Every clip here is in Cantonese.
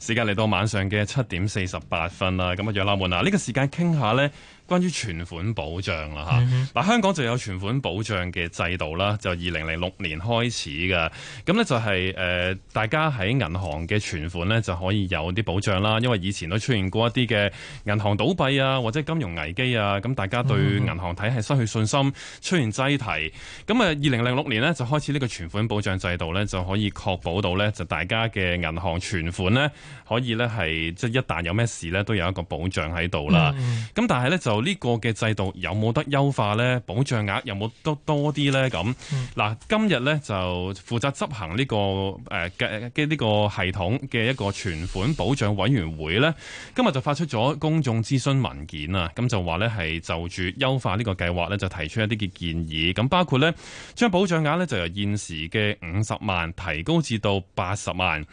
時間嚟到晚上嘅七點四十八分啦，咁啊，樣啦們啊，呢個時間傾下咧。關於存款保障啦嚇，嗱香港就有存款保障嘅制度啦，就二零零六年開始嘅，咁咧就係誒大家喺銀行嘅存款咧就可以有啲保障啦，因為以前都出現過一啲嘅銀行倒閉啊，或者金融危機啊，咁大家對銀行體系失去信心，mm -hmm. 出現擠提，咁誒二零零六年呢，就開始呢個存款保障制度咧就可以確保到咧就大家嘅銀行存款咧可以咧係即係一旦有咩事咧都有一個保障喺度啦，咁、mm -hmm. 但係咧就。呢個嘅制度有冇得優化咧？保障額有冇得多啲咧？咁嗱，今日咧就負責執行呢個誒嘅嘅呢個系統嘅一個存款保障委員會咧，今日就發出咗公眾諮詢文件啊！咁就話咧係就住優化呢個計劃咧，就提出一啲嘅建議，咁包括咧，將保障額咧就由現時嘅五十萬提高至到八十萬，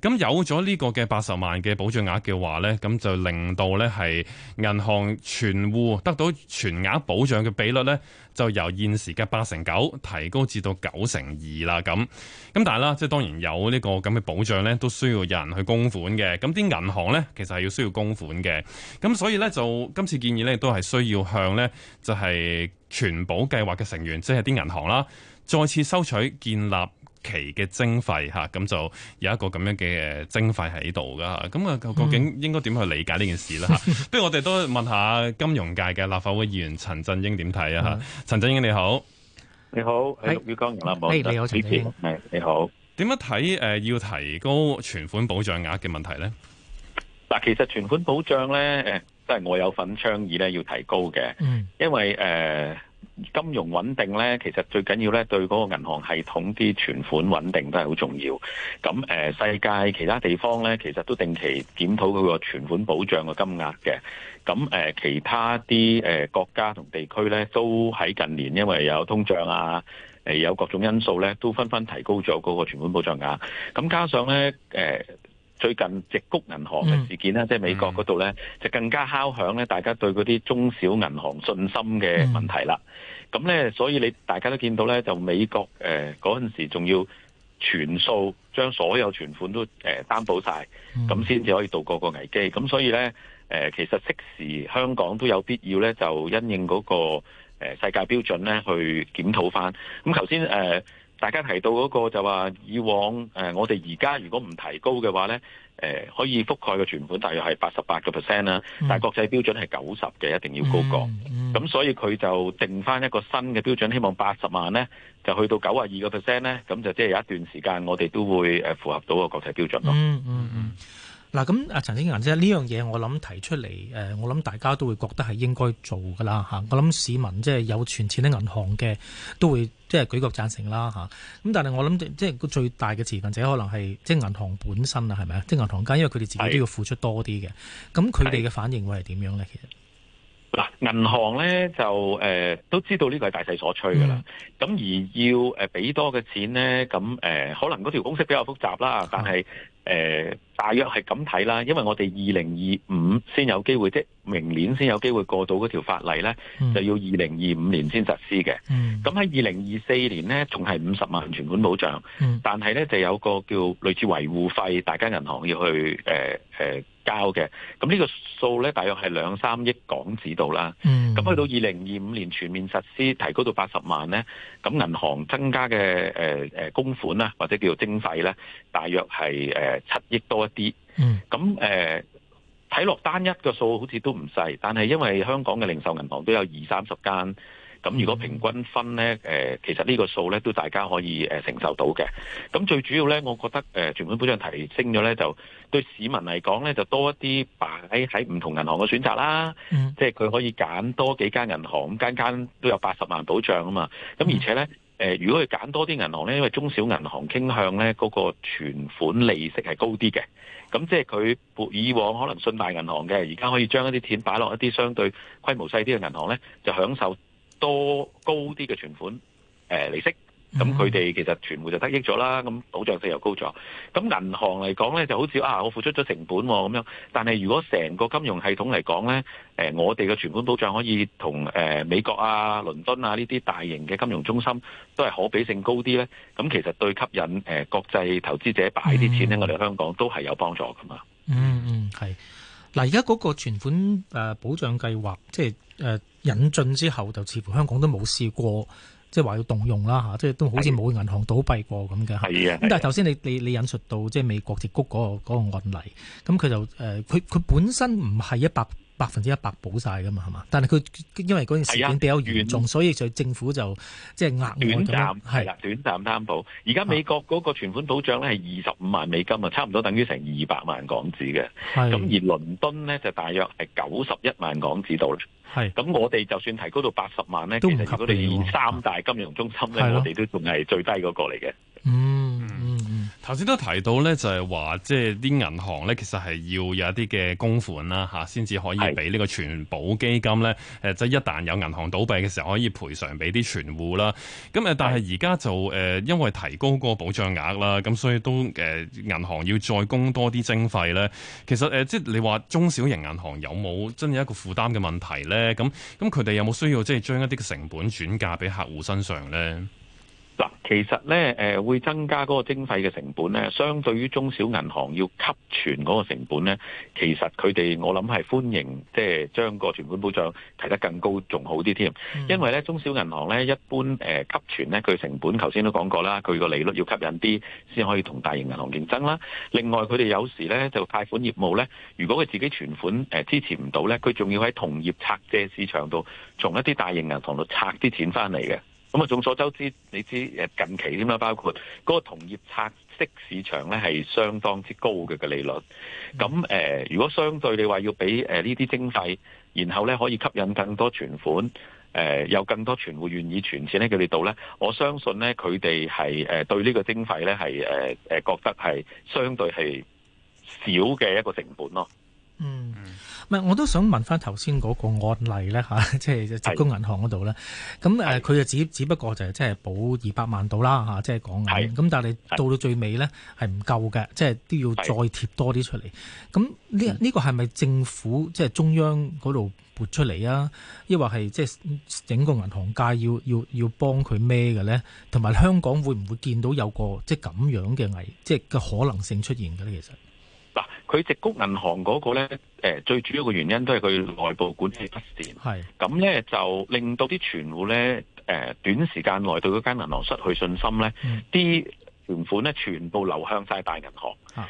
咁有咗呢個嘅八十萬嘅保障額嘅話咧，咁就令到咧係銀行存得到全額保障嘅比率呢，就由現時嘅八成九提高至到九成二啦。咁咁但係啦，即係當然有呢個咁嘅保障呢，都需要有人去供款嘅。咁啲銀行呢，其實係要需要供款嘅。咁所以呢，就今次建議呢，都係需要向呢，就係全保計劃嘅成員，即係啲銀行啦，再次收取建立期嘅徵費嚇，咁就有一個咁樣嘅誒徵費喺度噶嚇，咁啊究竟應該點去理解呢件事咧嚇？嗯、 不如我哋都問下金融界嘅立法會議員陳振英點睇啊嚇？陳振英你好，你好，係粵江。立、欸、法、嗯，你好，陳振英你好。點樣睇誒？要提高存款保障額嘅問題咧？嗱，其實存款保障咧，誒，都係我有份倡議咧，要提高嘅，嗯，因為誒。呃金融穩定咧，其實最緊要咧，對嗰個銀行系統啲存款穩定都係好重要。咁、呃、世界其他地方咧，其實都定期檢討佢個存款保障嘅金額嘅。咁、呃、其他啲誒、呃、國家同地區咧，都喺近年因為有通脹啊，呃、有各種因素咧，都紛紛提高咗嗰個存款保障額。咁加上咧最近矽谷銀行嘅事件啦，即、嗯、係、就是、美國嗰度咧，就更加敲響咧，大家對嗰啲中小銀行信心嘅問題啦。咁、嗯、咧，所以你大家都見到咧，就美國誒嗰陣時仲要全數將所有存款都誒、呃、擔保晒，咁先至可以度過個危機。咁、嗯、所以咧誒、呃，其實適時香港都有必要咧，就因應嗰、那個、呃、世界標準咧，去檢討翻。咁頭先誒。呃大家提到嗰個就話以往誒、呃，我哋而家如果唔提高嘅話咧，誒、呃、可以覆蓋嘅存款大約係八十八個 percent 啦，但係國際標準係九十嘅，一定要高過。咁、嗯嗯、所以佢就定返一個新嘅標準，希望八十萬咧就去到九十二個 percent 咧，咁就即係有一段時間我哋都會誒符合到個國際標準咯。嗯嗯嗯嗱、啊、咁，陳振英先生，呢樣嘢我諗提出嚟、呃，我諗大家都會覺得係應該做噶啦、啊、我諗市民即係有存錢喺銀行嘅，都會即係舉國贊成啦咁、啊、但係我諗即係個最大嘅持份者，可能係即係銀行本身係咪啊？即係銀行家，因為佢哋自己都要付出多啲嘅。咁佢哋嘅反應會係點樣咧？其實，嗱，銀行咧就誒、呃、都知道呢個係大勢所趨噶啦。咁、嗯、而要誒俾多嘅錢咧，咁、呃、可能嗰條公式比較複雜啦，但係。啊誒、呃，大約係咁睇啦，因為我哋二零二五先有機會，即明年先有機會過到嗰條法例、嗯嗯呢，嗯、呢，就要二零二五年先實施嘅。咁喺二零二四年呢，仲係五十萬存款保障，但係呢就有個叫類似維護費，大家銀行要去誒、呃呃交嘅，咁呢個數咧，大約係兩三億港紙度啦。咁、嗯、去到二零二五年全面實施，提高到八十萬咧，咁銀行增加嘅誒誒供款啦，或者叫做徵費咧，大約係呃、七億多一啲。咁、嗯、誒，睇落、呃、單一個數好似都唔細，但係因為香港嘅零售銀行都有二三十間。咁如果平均分呢，誒、呃、其實個呢個數呢都大家可以誒承受到嘅。咁、呃呃、最主要呢，我覺得誒存款保障提升咗呢，就對市民嚟講呢，就多一啲擺喺唔同銀行嘅選擇啦。即係佢可以揀多幾間銀行，咁間間都有八十萬保障啊嘛。咁、啊、而且呢，誒、呃、如果佢揀多啲銀行呢，因為中小銀行傾向呢嗰、嗰個存款利息係高啲嘅。咁即係佢以往可能信大銀行嘅，而家可以將一啲錢擺落一啲相對規模細啲嘅銀行呢，就享受。多高啲嘅存款，誒、呃、利息，咁佢哋其實全部就得益咗啦，咁保障性又高咗。咁銀行嚟講咧，就好似啊，我付出咗成本喎，咁樣。但係如果成個金融系統嚟講咧，我哋嘅存款保障可以同、呃、美國啊、倫敦啊呢啲大型嘅金融中心都係可比性高啲咧，咁其實對吸引誒、呃、國際投資者擺啲錢喺我哋香港都係有幫助噶嘛。嗯嗯，係。嗱，而家嗰個存款誒保障計劃，即係誒引進之後，就似乎香港都冇試過，即係話要動用啦吓，即係都好似冇銀行倒閉過咁嘅。係啊。咁但係頭先你你你引述到即係美國矽谷嗰個案例，咁佢就誒，佢佢本身唔係一百百分之一百保晒噶嘛，係嘛？但係佢因為嗰件事件比較嚴重，所以就政府就即係額短暫係啦，短暫擔保。而家美國嗰個存款保障咧係二十五萬美金啊，差唔多等於成二百萬港紙嘅。咁而倫敦咧就大約係九十一萬港紙度啦。係咁，我哋就算提高到八十萬咧，其實如果我哋三大金融中心咧，我哋都仲係最低嗰、嗰個嚟嘅。嗯。頭先都提到咧，就係話即係啲銀行咧，其實係要有一啲嘅供款啦嚇，先至可以俾呢個存保基金咧。誒，即係一旦有銀行倒閉嘅時候，可以賠償俾啲存戶啦。咁誒，但係而家就誒，因為提高個保障額啦，咁所以都誒銀行要再供多啲徵費咧。其實誒，即係你話中小型銀行有冇真係一個負擔嘅問題咧？咁咁佢哋有冇需要即係將一啲嘅成本轉嫁俾客戶身上咧？其實咧，誒會增加嗰個徵費嘅成本咧，相對於中小銀行要吸存嗰個成本咧，其實佢哋我諗係歡迎，即係將個存款保障提得更高，仲好啲添、嗯。因為咧，中小銀行咧一般誒、呃、吸存咧，佢成本頭先都講過啦，佢個利率要吸引啲先可以同大型銀行競爭啦。另外佢哋有時咧就貸款業務咧，如果佢自己存款、呃、支持唔到咧，佢仲要喺同業拆借市場度從一啲大型銀行度拆啲錢翻嚟嘅。咁啊，眾所周知，你知近期添啦？包括嗰個同業拆息市場咧，係相當之高嘅個利率。咁誒、呃，如果相對你話要俾呢啲徵費，然後咧可以吸引更多存款，誒、呃、有更多存戶願意存錢喺佢哋度咧，我相信咧佢哋係誒對呢個徵費咧係誒誒覺得係相對係少嘅一個成本咯。嗯，唔、嗯、係，我都想問翻頭先嗰個案例咧吓、啊，即係職工銀行嗰度咧，咁誒，佢、啊、就只只不過就係即係保二百萬度啦吓，即係講緊，咁但係到到最尾咧係唔夠嘅，即係都要再貼多啲出嚟。咁呢呢個係咪政府即係中央嗰度撥出嚟啊？抑或係即係整個銀行界要要要幫佢孭嘅咧？同埋香港會唔會見到有個即係咁樣嘅危，即係嘅可能性出現嘅咧？其實？佢直谷銀行嗰個咧、呃，最主要嘅原因都係佢內部管理不善，係咁咧就令到啲存戶咧、呃，短時間內對嗰間銀行失去信心咧，啲、嗯、存款咧全部流向晒大銀行，咁、啊、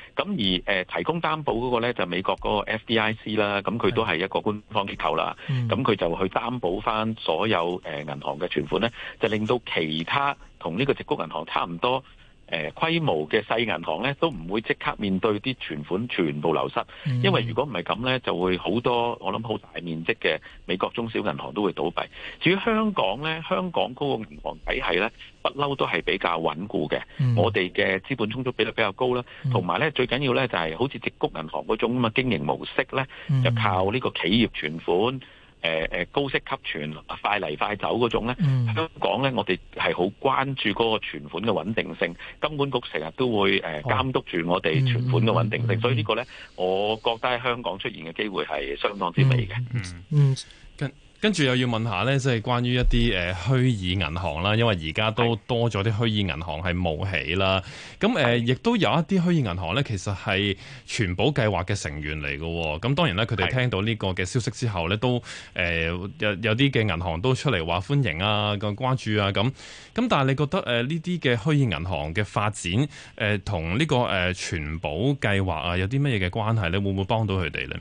而、呃、提供擔保嗰個咧就美國嗰個 FDIC 啦，咁佢都係一個官方機構啦，咁佢就去擔保翻所有誒銀、呃、行嘅存款咧，就令到其他同呢個直谷銀行差唔多。誒、呃、規模嘅細銀行咧，都唔會即刻面對啲存款全部流失，嗯、因為如果唔係咁呢，就會好多我諗好大面積嘅美國中小銀行都會倒閉。至於香港呢，香港嗰個銀行體系呢，不嬲都係比較穩固嘅、嗯。我哋嘅資本充足比率比較高啦，同、嗯、埋呢，最緊要呢就係、是、好似直谷銀行嗰種咁經營模式呢，嗯、就靠呢個企業存款。誒、呃、誒高息吸存快嚟快走嗰種咧、嗯，香港咧，我哋係好關注嗰個存款嘅穩定性，金管局成日都會誒監督住我哋存款嘅穩定性，哦嗯嗯嗯、所以個呢個咧，我覺得喺香港出現嘅機會係相當之微嘅。嗯。嗯嗯跟住又要問下咧，即係關於一啲誒虛擬銀行啦，因為而家都多咗啲虛擬銀行係冒起啦。咁誒，亦都有一啲虛擬銀行咧，其實係存保計劃嘅成員嚟嘅喎。咁當然啦，佢哋聽到呢個嘅消息之後咧，都誒有有啲嘅銀行都出嚟話歡迎啊、咁關注啊咁。咁但係你覺得誒呢啲嘅虛擬銀行嘅發展誒，同呢個誒存保計劃啊，有啲乜嘢嘅關係咧？會唔會幫到佢哋咧？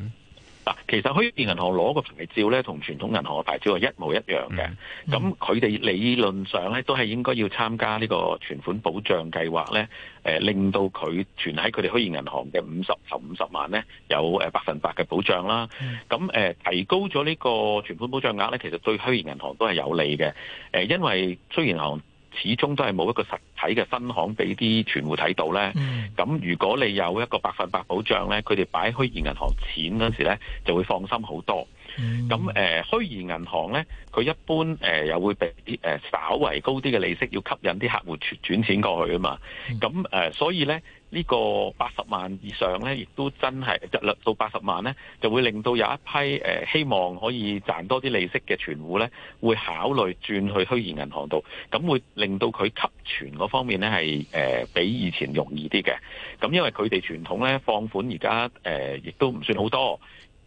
嗱，其實虛擬銀行攞個牌照咧，同傳統銀行嘅牌照係一模一樣嘅。咁佢哋理論上咧，都係應該要參加呢個存款保障計劃咧。誒、呃，令到佢存喺佢哋虛擬銀行嘅五十頭五十萬咧，有誒百分百嘅保障啦。咁、嗯、誒、呃，提高咗呢個存款保障額咧，其實對虛擬銀行都係有利嘅。誒、呃，因為虛擬銀行始終都係冇一個實體嘅分行俾啲存戶睇到咧。咁如果你有一個百分百保障咧，佢哋擺虛擬銀行錢嗰時咧就會放心好多。咁、嗯、誒、呃、虛擬銀行咧，佢一般誒又、呃、會俾誒、呃、稍微高啲嘅利息，要吸引啲客戶轉轉錢過去啊嘛。咁、嗯、誒、呃、所以咧，呢、這個八十萬以上咧，亦都真係就到八十萬咧，就會令到有一批、呃、希望可以賺多啲利息嘅存戶咧，會考慮轉去虛擬銀行度，咁會令到佢吸存嗰方面咧係誒比以前容易啲嘅。咁因為佢哋傳統咧放款而家誒亦都唔算好多。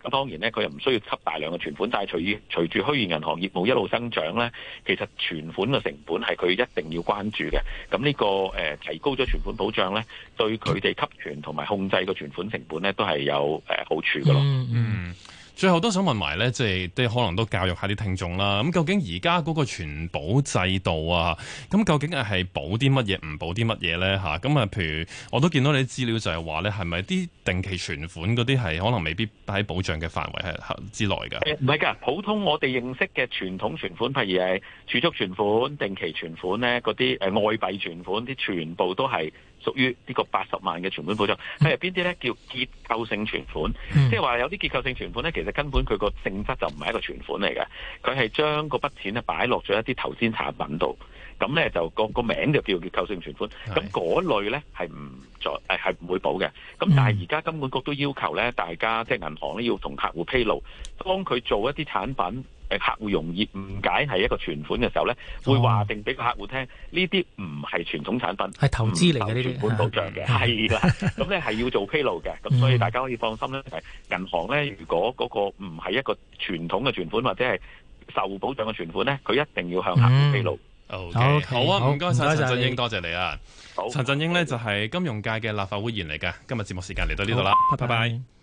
咁當然咧，佢又唔需要吸大量嘅存款，但係隨依隨住虛擬銀行業務一路增長咧，其實存款嘅成本係佢一定要關注嘅。咁呢個誒提高咗存款保障咧，對佢哋吸存同埋控制個存款成本咧，都係有誒好處嘅咯。嗯嗯。最後都想問埋咧，即係可能都教育下啲聽眾啦。咁究竟而家嗰個存保制度啊，咁究竟係保啲乜嘢，唔保啲乜嘢咧？吓？咁啊，譬如我都見到你資料就係話咧，係咪啲定期存款嗰啲係可能未必喺保障嘅範圍係之內㗎？唔係㗎，普通我哋認識嘅傳統存款，譬如係儲蓄存款、定期存款咧，嗰啲誒外幣存款啲，全部都係。屬於呢個八十萬嘅存款保障，係邊啲咧？叫結構性存款，嗯、即係話有啲結構性存款咧，其實根本佢個性質就唔係一個存款嚟嘅，佢係將嗰筆錢咧擺落咗一啲頭先產品度。咁咧就個個名就叫結構性存款，咁嗰類咧係唔再誒係唔會保嘅。咁、嗯、但係而家金管局都要求咧，大家即係銀行咧要同客戶披露，當佢做一啲產品誒，客戶容易誤解係一個存款嘅時候咧、哦，會話定俾個客戶聽，呢啲唔係傳統產品，係投資嚟嘅呢啲存款保障嘅，係啦。咁咧係要做披露嘅，咁所以大家可以放心啦。就係銀行咧，如果嗰個唔係一個傳統嘅存款或者係受保障嘅存款咧，佢一定要向客戶披露。嗯 Okay, okay, 好，okay, 好啊，唔該晒陳振英，多謝，謝你啊。好，陳振英呢，就係、是、金融界嘅立法會議員嚟㗎。今日節目時間嚟到呢度啦，拜拜。拜拜。